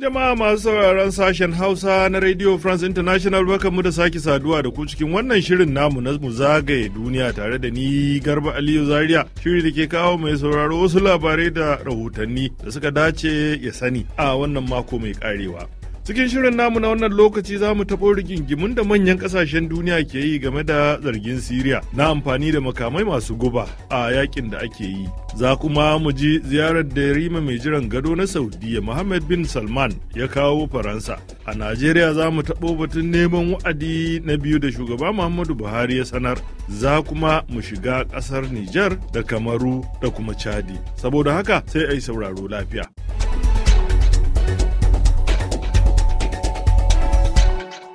Jama'a masu sauraron sashen Hausa na Radio France International mu da sake saduwa da ku cikin wannan shirin namu na mu zagaye duniya tare da ni Garba Aliyu Zaria shiri da ke kawo mai sauraro wasu labarai da rahotanni da suka dace ya sani a wannan mako mai karewa. Cikin shirin namu na wannan lokaci za mu taɓo rigingimun da manyan ƙasashen duniya ke yi game da zargin Siriya na amfani da makamai masu guba a yakin da ake yi. Za kuma mu ji ziyarar da Rima mai jiran gado na Saudiya Mohammed bin Salman ya kawo Faransa. A Najeriya za mu taɓo batun neman wa'adi na biyu da shugaba Muhammadu Buhari ya sanar. Za kuma mu shiga ƙasar Nijar da Kamaru da kuma Chadi. Saboda haka sai a yi sauraro lafiya.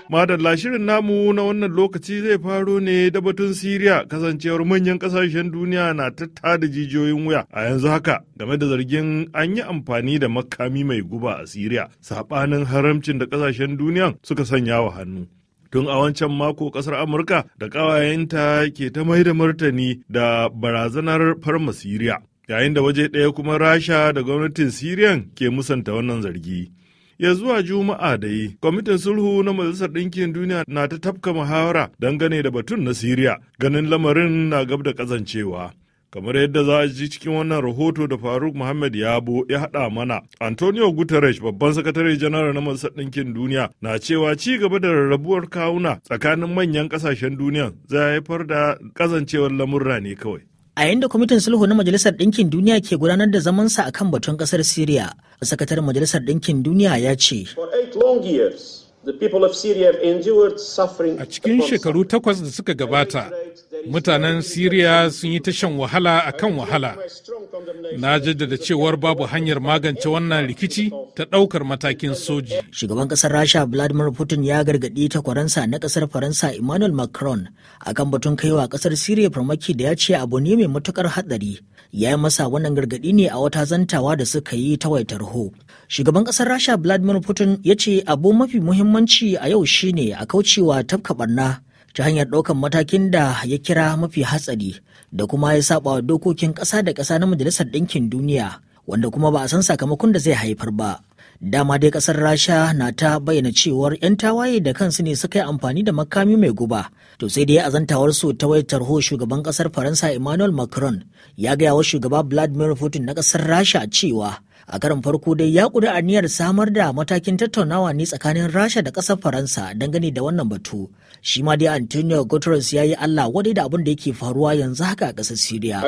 Madalla shirin namu na wannan lokaci zai faro ne da batun Siriya kasancewar manyan kasashen duniya na tatta da jijiyoyin wuya a yanzu haka game da zargin an yi amfani da makami mai guba a Siriya saɓanin haramcin da kasashen duniyan suka sanya wa hannu. tun a wancan mako kasar amurka da ƙawayenta ke ta mai da martani da barazanar farma siriya yayin da waje ɗaya kuma rasha da gwamnatin siriyan ke musanta wannan zargi ya zuwa juma'a da yi kwamitin sulhu na majalisar ɗinkin duniya na ta tafka muhawara dangane da batun na siriya ganin lamarin na gab da kazancewa kamar yadda za a ji cikin wannan rahoto da faruk muhammad yabo ya haɗa mana antonio guterres babban sakatare janar na majalisar ɗinkin duniya na cewa ci gaba da rarrabuwar kawuna tsakanin manyan ƙasashen duniya zai haifar da kazancewar lamurra ne kawai a yayin da kwamitin sulhu na majalisar ɗinkin duniya ke gudanar da zamansa a kan batun ƙasar syria sakataren majalisar ɗinkin duniya ya ce a cikin shekaru takwas da suka gabata mutanen syria sun yi ta shan wahala a kan wahala na jaddada cewar babu hanyar magance wannan rikici ta ɗaukar matakin soji. Shugaban ƙasar Rasha Vladimir Putin ya gargaɗi takwaransa na ƙasar Faransa Emmanuel Macron akan batun kaiwa ƙasar Siriya farmaki da ya ce abu ne mai matukar hatsari. Ya yi masa wannan gargaɗi ne a wata zantawa da suka yi ta waitar ho. Shugaban ƙasar Rasha Vladimir Putin ya ce abu mafi muhimmanci a yau shine a kaucewa tafka barna ta hanyar ɗaukan matakin da ya kira mafi hatsari da kuma ya saba wa dokokin ƙasa da ƙasa na majalisar ɗinkin duniya wanda kuma ba a san sakamakon da zai haifar ba dama dai ƙasar rasha na ta bayyana cewar 'yan tawaye da kansu ne suka yi amfani da makami mai guba to sai dai azantawar su ta wai tarho shugaban ƙasar faransa emmanuel macron ya gaya wa shugaba vladimir putin na ƙasar rasha cewa a karin farko dai ya ƙuri aniyar samar da matakin tattaunawa ne tsakanin rasha da ƙasar faransa dangane da wannan batu shi ma dai antonio guterres ya yi allah wadai da abin da yake faruwa yanzu haka a ƙasar syria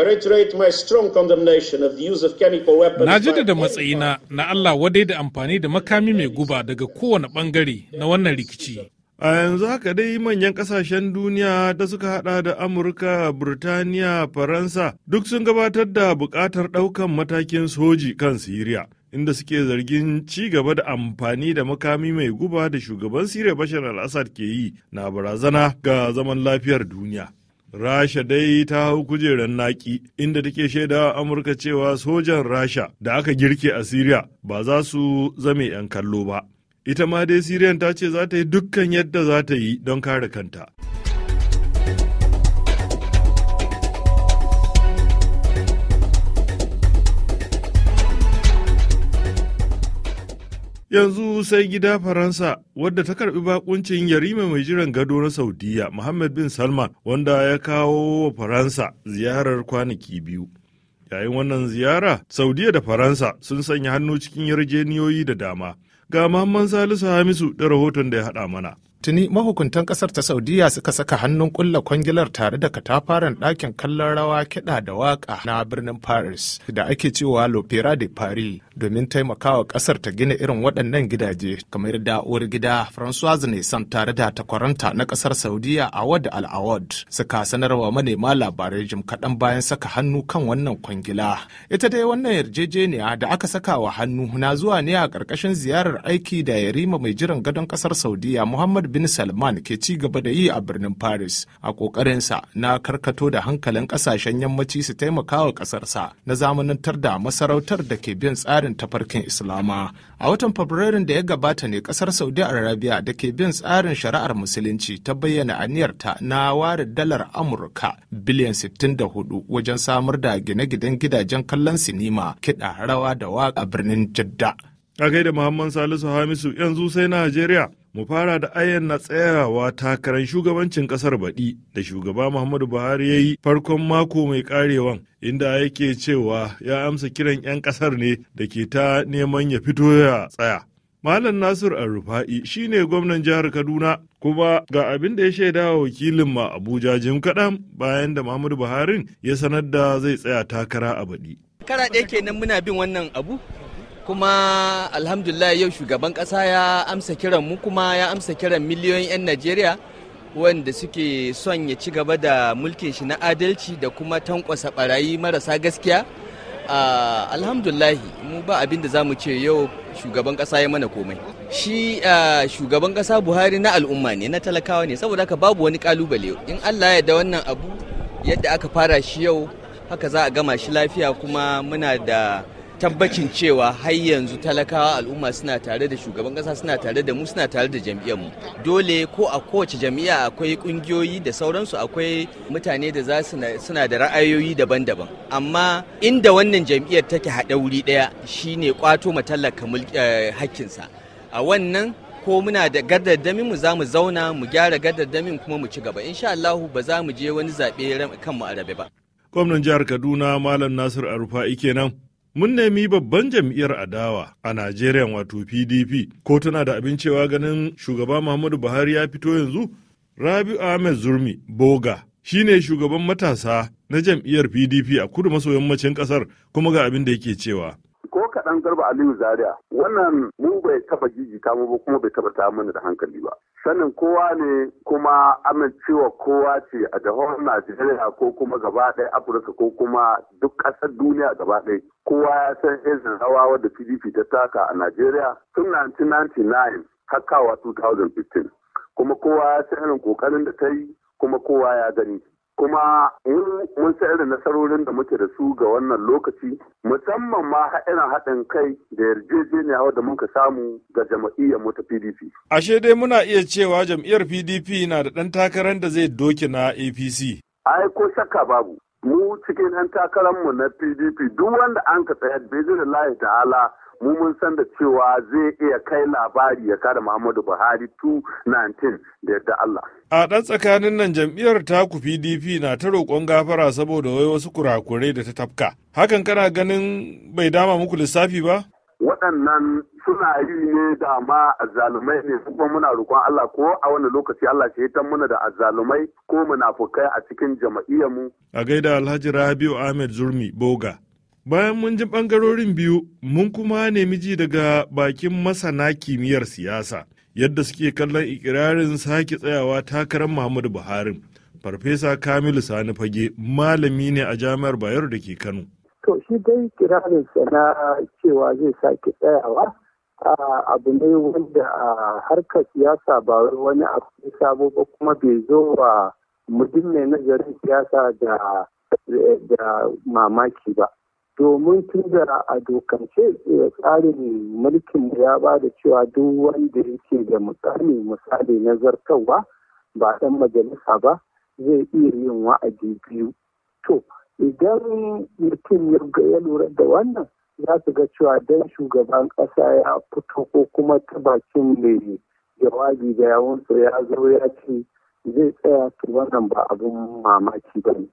na jaddada matsayina na allah wadai da amfani da makami mai guba daga kowane bangare na wannan rikici a yanzu haka dai manyan kasashen duniya da suka hada da amurka burtaniya faransa duk sun gabatar da bukatar daukan matakin soji kan siriya inda suke zargin ci gaba da amfani da makami mai guba da shugaban Siriya Bashar al ke yi na barazana ga zaman lafiyar duniya. Rasha dai ta hau kujerar naki inda take shaida Amurka cewa sojan Rasha da aka girke a Siriya ba za su zame 'yan kallo ba. Ita ma dai Siriyan ta ce za ta yi dukkan yadda za ta yi don kare kanta. Yanzu sai gida Faransa wadda ta karbi bakuncin yarima mai jiran gado na Saudiya Muhammad bin Salman wanda ya kawo wa Faransa ziyarar kwanaki biyu. Yayin wannan ziyara, Saudiya da Faransa sun sanya hannu cikin yarjeniyoyi da dama. Ga Muhammad Salisu Hamisu da rahoton da ya haɗa mana. Tuni mahukuntan kasar ta Saudiya suka saka hannun kulla kwangilar tare da katafaren ɗakin kallon rawa kiɗa da waƙa na birnin Paris da ake cewa l'Opera de Paris domin taimakawa kasar ta gina irin waɗannan gidaje kamar da uwar gida François Nisan tare da takwaranta na kasar Saudiya a Al-Awad suka sanarwa manema labarai jim kaɗan bayan saka hannu kan wannan kwangila. Ita dai wannan yarjejeniya da aka saka wa hannu na zuwa ne a ƙarƙashin ziyarar aiki da yarima mai jiran gadon kasar Saudiya Muhammad bin Salman ke ci gaba da yi a birnin Paris a ƙoƙarinsa na karkato da hankalin ƙasashen yammaci su taimaka wa ƙasarsa na zamanantar da masarautar da ke bin tsarin tafarkin Islama. A watan Fabrairun da ya gabata ne ƙasar Saudi Arabia da ke bin tsarin shari'ar Musulunci ta bayyana aniyarta na ware dalar Amurka biliyan 64 wajen samar da gine-ginen gidajen kallon sinima, kiɗa, rawa da waƙa birnin Jidda. A gaida Muhammad Salisu Hamisu yanzu sai Najeriya. mu fara da na tsayawa takarar shugabancin kasar baɗi da shugaba muhammadu buhari ya yi farkon mako mai karewan inda yake cewa ya amsa kiran 'yan kasar ne da ke ta neman ya fito ya tsaya malam nasir shi ne gwamnan jihar kaduna kuma ga abin da ya shaida wa wakilin ma abuja jim kaɗan bayan da muhammadu buhari ya sanar da zai tsaya takara a baɗi kara ɗaya kenan muna bin wannan abu kuma alhamdulillah yau shugaban kasa ya amsa kiran mu kuma ya amsa kiran miliyoyin 'yan najeriya wanda suke son ya ci gaba da mulkin shi na adalci da kuma tankwasa barayi marasa gaskiya uh, alhamdulahi mu ba abin da za mu ce yau shugaban kasa ya mana komai shi uh, shugaban kasa buhari na al'umma ne na talakawa ne saboda haka babu wani kalubale in allah ya da wannan abu yadda aka fara shi yau haka za a gama shi lafiya kuma muna da tabbacin cewa har yanzu talakawa al'umma suna tare da shugaban kasa suna tare da mu suna tare da jam'iyyar mu dole ko a kowace jam'iyya akwai kungiyoyi da sauransu akwai mutane da za suna da ra'ayoyi daban-daban amma inda wannan jam'iyyar take haɗa wuri ɗaya shine kwato ma tallaka eh, hakkinsa a wannan ko muna da gardadamin mu za mu zauna mu gyara gardadamin kuma mu ci gaba insha Allah ba za mu je wani zabe kanmu a rabe ba gwamnan jihar Kaduna Malam Nasir arufa kenan mun nemi babban jam'iyyar adawa a Najeriya wato PDP ko tana da abin cewa ganin shugaba Muhammadu Buhari ya fito yanzu? rabi Ahmed Zurmi Boga shine shugaban matasa na jam'iyyar PDP a kudu maso yammacin kasar kuma ga abin da yake cewa. ko kaɗan garba aliyu zaria wannan mu bai taɓa jijita mu ba kuma bai taɓa ta mana da hankali ba sanin kowa ne kuma amincewa kowa ce a jihar najeriya ko kuma gaba ɗaya afirka ko kuma duk ƙasar duniya gaba ɗaya kowa ya san izin rawa wadda pdp ta taka a najeriya tun 1999 har kawa 2015 kuma kowa ya san irin ƙoƙarin da ta yi kuma kowa ya gani kuma mun sayar irin nasarorin da muke da su ga wannan lokaci musamman ma irin haɗin kai da yarjejeniya da muka samu ga jam'iyyar mu ta PDP. Ashe dai muna iya cewa jam'iyyar PDP na da ɗan takarar da zai doke na APC. Ai ko shakka babu. Mu cikin 'yan takararmu na PDP duk wanda an ka tsayar bai da Allah ta'ala mu mun san da cewa zai iya kai labari ya kada Muhammadu Buhari 2019 da yadda Allah. A ɗan tsakanin nan jam'iyyar taku PDP na ta roƙon gafara saboda wai wasu kurakurai da ta tafka. Hakan kana ganin bai dama muku lissafi ba? Waɗannan suna yi ne da ma azzalumai ne kuma muna roƙon Allah ko a wani lokaci Allah shi hitan muna da azzalumai ko munafukai a cikin jama'iyyarmu. A gaida Alhaji Rabiu Ahmed Zurmi Boga. Bayan mun ji ɓangarorin biyu, mun kuma nemi ji daga bakin masana kimiyyar siyasa, yadda suke kallon ikirarin sake tsayawa takarar Muhammadu Buhari. Farfesa Kamilu Sani Fage, malami ne a Jami'ar Bayero da ke Kano. To, shi dai kirarinsa na cewa zai sake tsayawa abu ne wanda a harkar siyasa ba wani abu sabo ba kuma bai zo wa mutum mai nazarin siyasa da mamaki ba. domin tun da a dokance eh, tsarin mulkin ya ba da cewa duk wanda yake da misali misali na zartarwa ba dan majalisa ba zai iya yin wa'adi biyu to idan mutum ya lura da wannan za su ga cewa dan shugaban kasa ya fito ko kuma ta bakin mai jawabi da yawunsa ya zo ya ce zai tsaya to wannan ba abin mamaki ba ne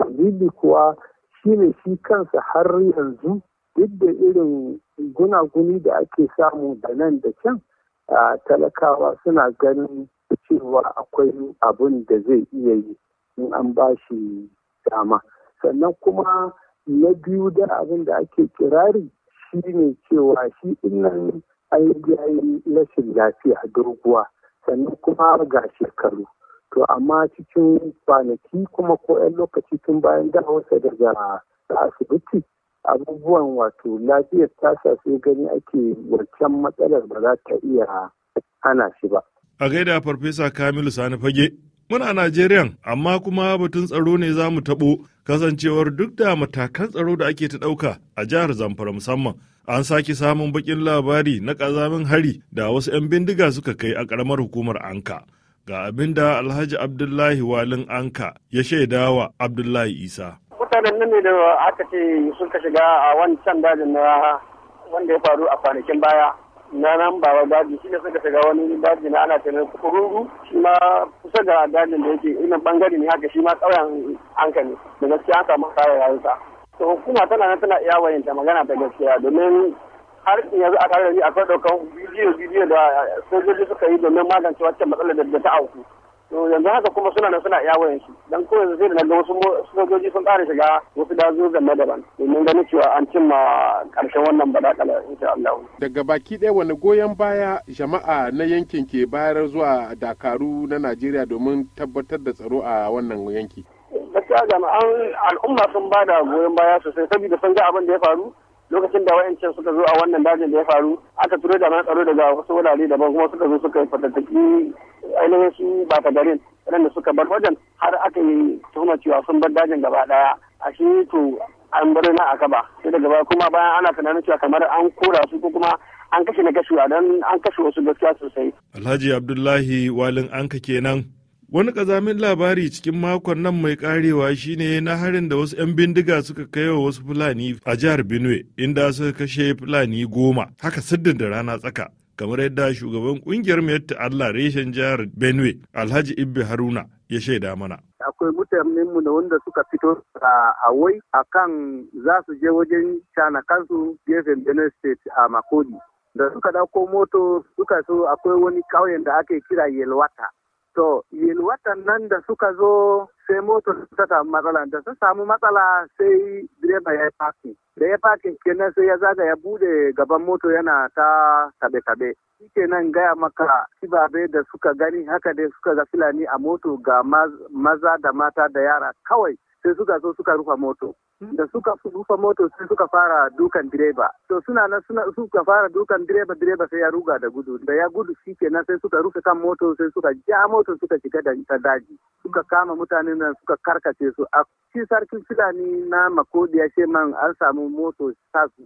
dalili kuwa shine shi kansa har yanzu duk da irin gunaguni da ake samu da nan da can talakawa suna ganin cewa akwai abin da zai iya yi in an ba shi dama sannan kuma na biyu da abin da ake kirari shi ne cewa shi nan an yi rashin a doguwa sannan kuma ga shekaru to amma cikin kwanaki kuma ko 'yan lokaci tun bayan dawowarsa daga asibiti abubuwan wato lafiyar tasa sai gani ake wancan matsalar ba za ta iya hana shi ba. A gaida Farfesa Kamilu Sani Fage, muna Najeriya amma kuma batun tsaro ne za mu taɓo kasancewar duk da matakan tsaro da ake ta ɗauka a jihar Zamfara musamman. An sake samun baƙin labari na ƙazamin hari da wasu 'yan bindiga suka kai a ƙaramar hukumar Anka. Ga abin da Alhaji Abdullahi Walin Anka ya shaida wa Abdullahi Isa. Mutanen nan ne da aka ce sun ka shiga a wancan dajin na wanda ya faru a kwanakin baya na nan ba daji shi ne suka shiga wani daji na ana tunan kururu shi ma kusa da dajin da yake ina bangare ne haka shi ma kauyen anka ne da gaskiya an samu kare rayuka. To hukuma tana nan tana iya wayanta magana ta gaskiya domin har yanzu a tare da ni akwai ɗaukar bidiyo bidiyo da sojoji suka yi domin magance wata matsalar da ta auku to yanzu haka kuma suna nan suna iya wayan dan ko yanzu sai da naga wasu sojoji sun ƙara shiga wasu dazo game daban domin ganin cewa an cimma ƙarshen wannan badakala insha Allah daga baki ɗaya wani goyon baya jama'a na yankin ke bayar zuwa Dakaru na Najeriya domin tabbatar da tsaro a wannan yanki gaskiya jama'an al'umma sun bada goyon baya sosai saboda sun ga abin da ya faru lokacin da wayancan suka zo a wannan dajin da ya faru aka turo da tsaro daga wasu wurare daban kuma suka zo suka fatattaki ainihin su ba ta garin waɗanda suka bar wajen har aka yi tuhuma cewa sun bar dajin gaba daya a shi to an bar na aka ba sai daga baya kuma bayan ana tunanin cewa kamar an kora su ko kuma an kashe na gashuwa don an kashe wasu gaskiya sosai. Alhaji Abdullahi Walin Anka kenan. Wani ƙazamin labari cikin makon nan mai karewa shine na harin da wasu 'yan bindiga suka kai wa wasu Fulani a jihar Benue inda suka kashe Fulani goma haka siddin da rana tsaka. Kamar yadda shugaban kungiyar yadda Allah reshen jihar Benue Alhaji Ibbi Haruna ya shaida mana. akwai mu da wanda suka fito a Hawai a kan za su je wajen cana kansu gefen Benue State a Makodi. Da suka dauko moto suka so akwai wani ƙauyen da ake kira Yelwata. To, yilwatan nan da suka zo sai motar ta samu matsala da sun samu matsala sai direba ya yi fakin. Da ya fakin kenan sai ya zaga ya bude gaban moto yana ta tabe-tabe. Shi gaya maka kibabe da suka gani haka dai suka ga Fulani a moto ga maza da mata da yara kawai sai suka zo suka rufe moto. da suka rufe moto sai suka fara dukan direba to suna nan suna suka fara dukan direba direba sai ya ruga da gudu da ya gudu shikenan sai suka rufe kan moto sai suka ja moto suka shiga da ta daji suka kama mutane nan suka karkace su a shi sarkin fulani na makodiya man an samu moto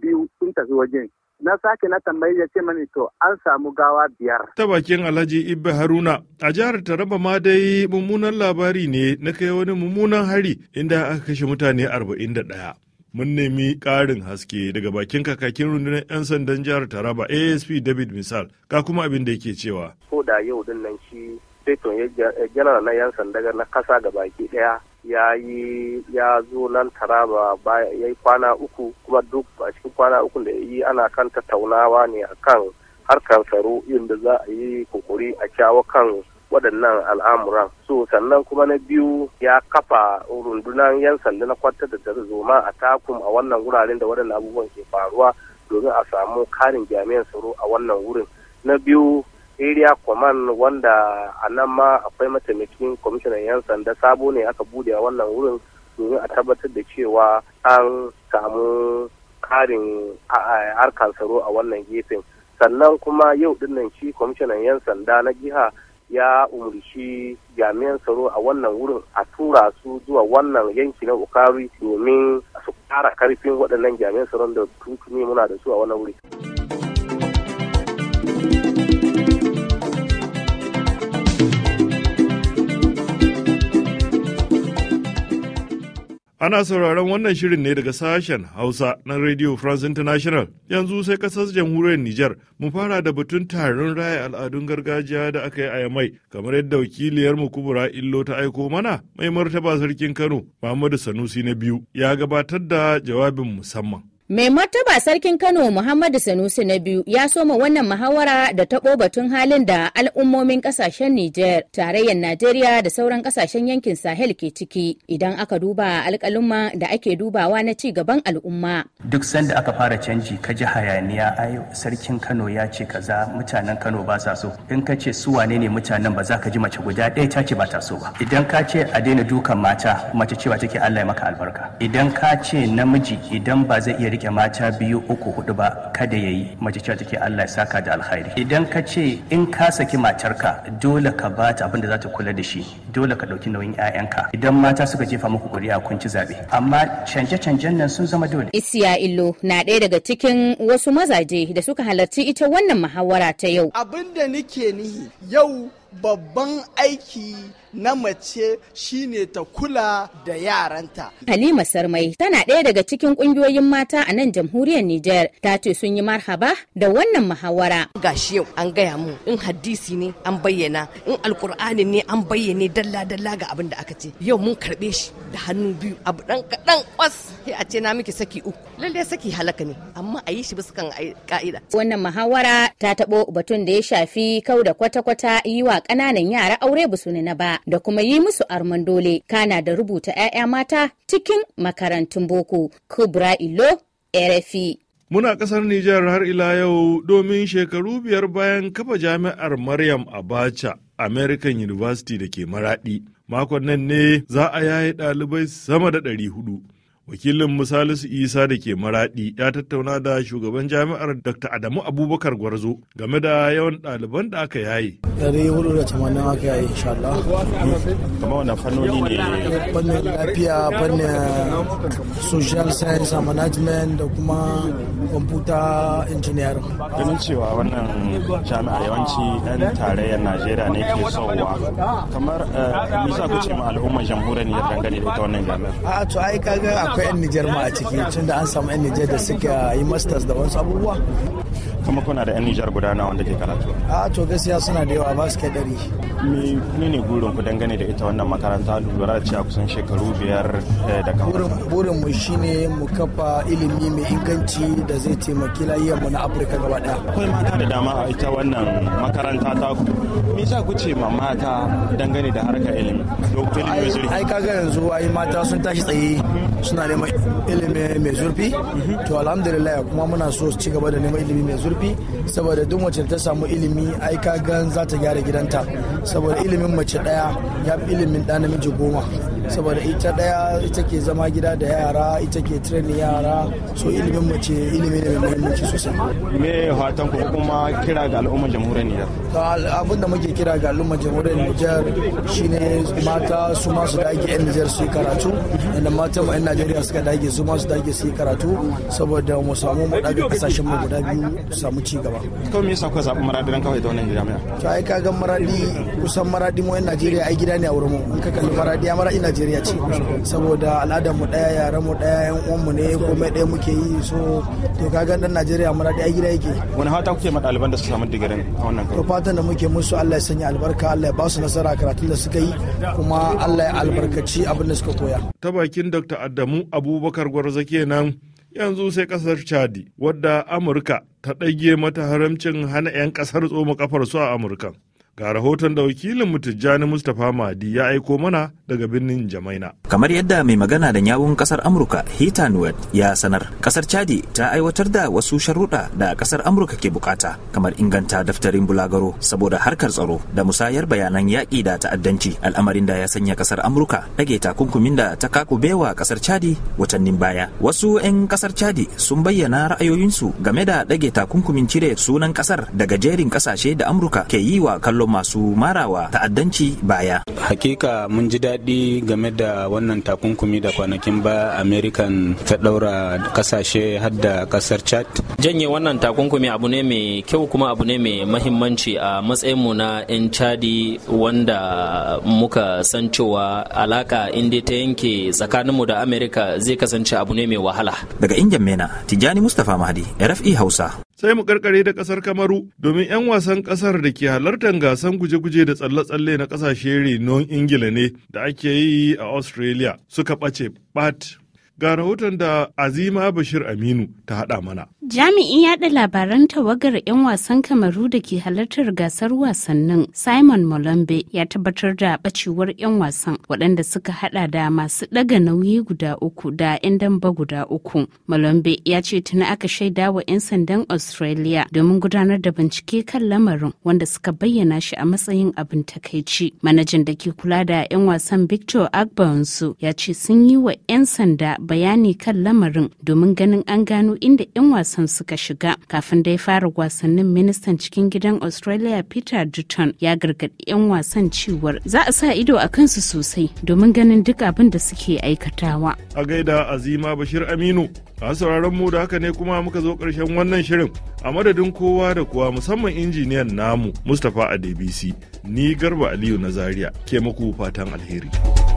biyu sun tafi wajen na sake na tambayi ya ce mani to an samu gawa biyar. Ta bakin Alhaji Ibbe Haruna a jihar Taraba ma dai mummunan labari ne na kai wani mummunan hari inda aka kashe mutane arba'in da ɗaya. Mun nemi ƙarin haske daga bakin kakakin rundunar 'yan sandan jihar Taraba ASP David Misal ka kuma abin da yake cewa. Ko da yau din nan shi to ya janar na 'yan sanda na kasa ga baki ɗaya ya yi ya zo nan taraba ya yi kwana uku kuma duk a cikin kwana uku da yi ana kan tattaunawa ne a kan harkar tsaro inda za a yi kokuri a kyawo kan waɗannan al'amuran so sannan kuma na biyu ya kafa rundunar yan sanda na kwantar da tarzoma a takum a wannan wuraren da waɗannan abubuwan ke faruwa domin a samu karin jami'an tsaro a wannan wurin na biyu area command wanda a nan ma akwai mataimakin kwamishinan 'yan sanda sabo ne aka bude a wannan wurin domin a tabbatar da cewa an samu karin harkar tsaro a wannan gefen sannan kuma yau dinnan shi kwamishinan 'yan sanda na jiha ya umarci jami'an tsaro a wannan wurin a tura su zuwa wannan yanki na ukari domin su kara karfin waɗannan jami'an tsaron da tutuni muna da su a wannan wuri. Ana sauraron wannan shirin ne daga sashen Hausa na Radio France International. Yanzu sai kasar jamhuriyar Nijar mu fara da batun taron raya al'adun gargajiya da aka yi a Yamai, kamar yadda wakiliyar mu Kubura Illo ta aiko mana mai martaba sarkin Kano, Muhammadu Sanusi na biyu, ya gabatar da jawabin musamman. Mai martaba sarkin Kano Muhammadu Sanusi na biyu ya soma wannan muhawara da taɓo batun halin da al'ummomin ƙasashen Nijar, tarayyar Najeriya da sauran ƙasashen yankin Sahel ke ciki idan aka duba alƙaluma da ake dubawa na ci gaban al'umma. Duk sanda aka fara canji ka ji hayaniya ai sarkin Kano ya ce kaza mutanen Kano ba sa so in ka ce su wane ne mutanen ba za ka ji mace guda ɗaya ta ce ba ta so ba. Idan ka ce a daina dukan mata mace cewa take Allah ya maka albarka. Idan ka ce namiji idan ba zai iya rike mata biyu uku hudu ba kada ya yi mace cewa take Allah ya saka da alkhairi idan ka ce in ka saki matarka dole ka ba ta abin da za ta kula da shi dole ka ɗauki nauyin 'ya'yanka idan mata suka jefa muku ƙuri'a kun ci zaɓe amma canje-canjen nan sun zama dole. Isiya Illo na ɗaya daga cikin wasu mazaje da suka halarci ita wannan muhawara ta yau. Abin da nike nihi yau babban aiki na mace shine ta kula da yaranta. Halima Sarmai tana ɗaya daga cikin ƙungiyoyin mata a nan jamhuriyar Nijar ta ce sun yi marhaba da wannan muhawara. Gashi yau an gaya mu in hadisi ne an bayyana in alkur'ani ne an bayyane dalla dalla ga abin da aka ce yau mun karɓe shi da hannu biyu abu ɗan kaɗan kwas sai a ce na miki saki uku lallai saki halaka ne amma a yi shi bisa kan ka'ida. Wannan muhawara ta taɓo batun da ya shafi kau da kwata-kwata yi wa kananan ƙananan yara aure ba su nuna ba da kuma yi musu arman dole kana da rubuta 'ya'ya mata cikin makarantun boko kubra ilo rfi Muna ƙasar Nijar har ila yau domin shekaru biyar bayan kafa jami'ar Maryam Abacha American University da ke Maraɗi. Makon nan ne za a yaye ɗalibai sama da ɗari hudu. wakilin misalisu isa da ke maradi ya tattauna da shugaban jami'ar dr adamu abubakar gwarzo game da yawan ɗaliban da aka yaye ɗari hudu da tamanin aka yayi insha Allah kama wani fannoni ne fannin lafiya fannin social science and management da kuma computer engineer ganin cewa wannan jami'ar yawanci ɗan tarayyar najeriya ne ke sauwa kamar nisa eh, ku ce ma al'ummar jamhuriyar ne dangane da ita wannan jami'ar a akwai 'yan Nijar ma a ciki tun da an samu 'yan Nijar da suka yi masters da wasu abubuwa. Kuma kuna da 'yan Nijar guda nawa wanda ke karatu? A to gaskiya suna da yawa ba su kai ɗari. Me ne gurin ku dangane da ita wannan makaranta lura da cewa kusan shekaru biyar eh, da kamar? Burin mu shine mu kafa ilimi mai inganci da zai taimaki lafiyar mu na Afirka gaba ɗaya. Akwai mata da dama a ita wannan makaranta ta ku. Me za ku ce ma mata dangane da harkar ilimi? Ai kaga yanzu ai mata sun tashi tsaye hmm. suna neman ilimi mai zurfi to alhamdulillah kuma muna so su ci gaba da neman ilimi mai zurfi saboda duk mace ta samu ilimi ai ka gan za ta gyara gidanta saboda ilimin mace daya ya fi ilimin ɗa namiji goma saboda ita daya ita ke zama gida da yara ita ke training yara so ilimin mace ilimi ne mai muhimmanci sosai me fatan ku kuma kira ga al'ummar jamhuriyar to abinda muke kira ga al'ummar jamhuriyar Niger shine mata su ma su dage yan Nijar su karatu inda mata mu yan Najeriya suka dage su ma su dage su karatu saboda mu samu mu dage kasashen mu guda biyu samu ci gaba to me yasa ku zabi maradi dan kawai da wannan jami'a to ai kaga maradi kusan maradi mu yan Najeriya ai gida ne a wurin mu in ka kalli maradi ya maradi najeriya ce saboda al'adar mu daya yaran mu daya yan uwan mu ne komai daya muke yi so to kaga dan najeriya mu daya gida yake wani hata kuke ma ɗaliban da su samu digiri a wannan to fatan da muke musu Allah ya sanya albarka Allah ya ba su nasara karatun da suka yi kuma Allah ya albarkaci abin da suka koya ta bakin Dr. Adamu Abubakar Gwarza kenan yanzu sai kasar Chad wadda Amurka ta ɗage mata haramcin hana 'yan kasar tsoma kafar su a Amurka Ga rahoton da wakilin Tijjani Mustapha Madi ya aiko mana daga birnin Jamaina. Kamar yadda mai magana da yawun kasar Amurka Hita Nuwet ya sanar, kasar Chadi ta aiwatar da wasu sharuɗa da kasar Amurka ke bukata, kamar inganta daftarin bulagaro saboda harkar tsaro da musayar bayanan yaƙi da ta'addanci, al'amarin da ya sanya kasar Amurka ɗage takunkumin da ta kakubewa kasar Chadi watannin baya. Wasu 'yan kasar Chadi sun bayyana ra'ayoyinsu game da ɗage takunkumin cire sunan kasar daga jerin ƙasashe da Amurka ke yi wa kallon masu marawa ta'addanci baya hakika mun ji daɗi game da wannan takunkumi da kwanakin ba american ta ɗaura ƙasashe har da ƙasar chad janye wannan takunkumi abu ne mai kyau kuma abu ne mai mahimmanci a matsayin mu na 'yan chadi wanda muka san cewa alaka inda ta yanke tsakaninmu da amerika zai kasance abu ne mai wahala daga injin mena tijjani mustapha mahadi rfi hausa sai mu karkare da kasar kamaru domin 'yan wasan kasar da ke halartar gasan guje-guje da tsalle-tsalle na kasashe renon ingila ne da ake yi a australia suka bace bat ga rahoton da azima bashir aminu ta haɗa mana Jami'in yaɗa labaran tawagar 'yan wasan kamaru da ke halartar gasar wasannin Simon Molombe ya tabbatar da bacewar 'yan wasan waɗanda suka hada da masu ɗaga nauyi guda uku da 'yan damba guda uku. Molombe ya ce tuni aka shaida wa 'yan sandan Australia domin gudanar da bincike kan lamarin wanda suka bayyana shi a matsayin abin takaici. Manajan da ke kula da 'yan wasan Victor Agbonsu ya ce sun yi wa 'yan sanda bayani kan lamarin domin ganin an gano inda 'yan wasan wasan suka shiga kafin da ya fara wasannin ministan cikin gidan australia peter dutton ya gargaɗi 'yan wasan cewar za a sa ido a kansu sosai domin ganin duk abin da suke aikatawa a gaida azima bashir aminu a sauraron mu da haka ne kuma muka zo ƙarshen wannan shirin a madadin kowa da kowa musamman injiniyan namu mustapha a dbc ni garba aliyu na zaria ke muku fatan alheri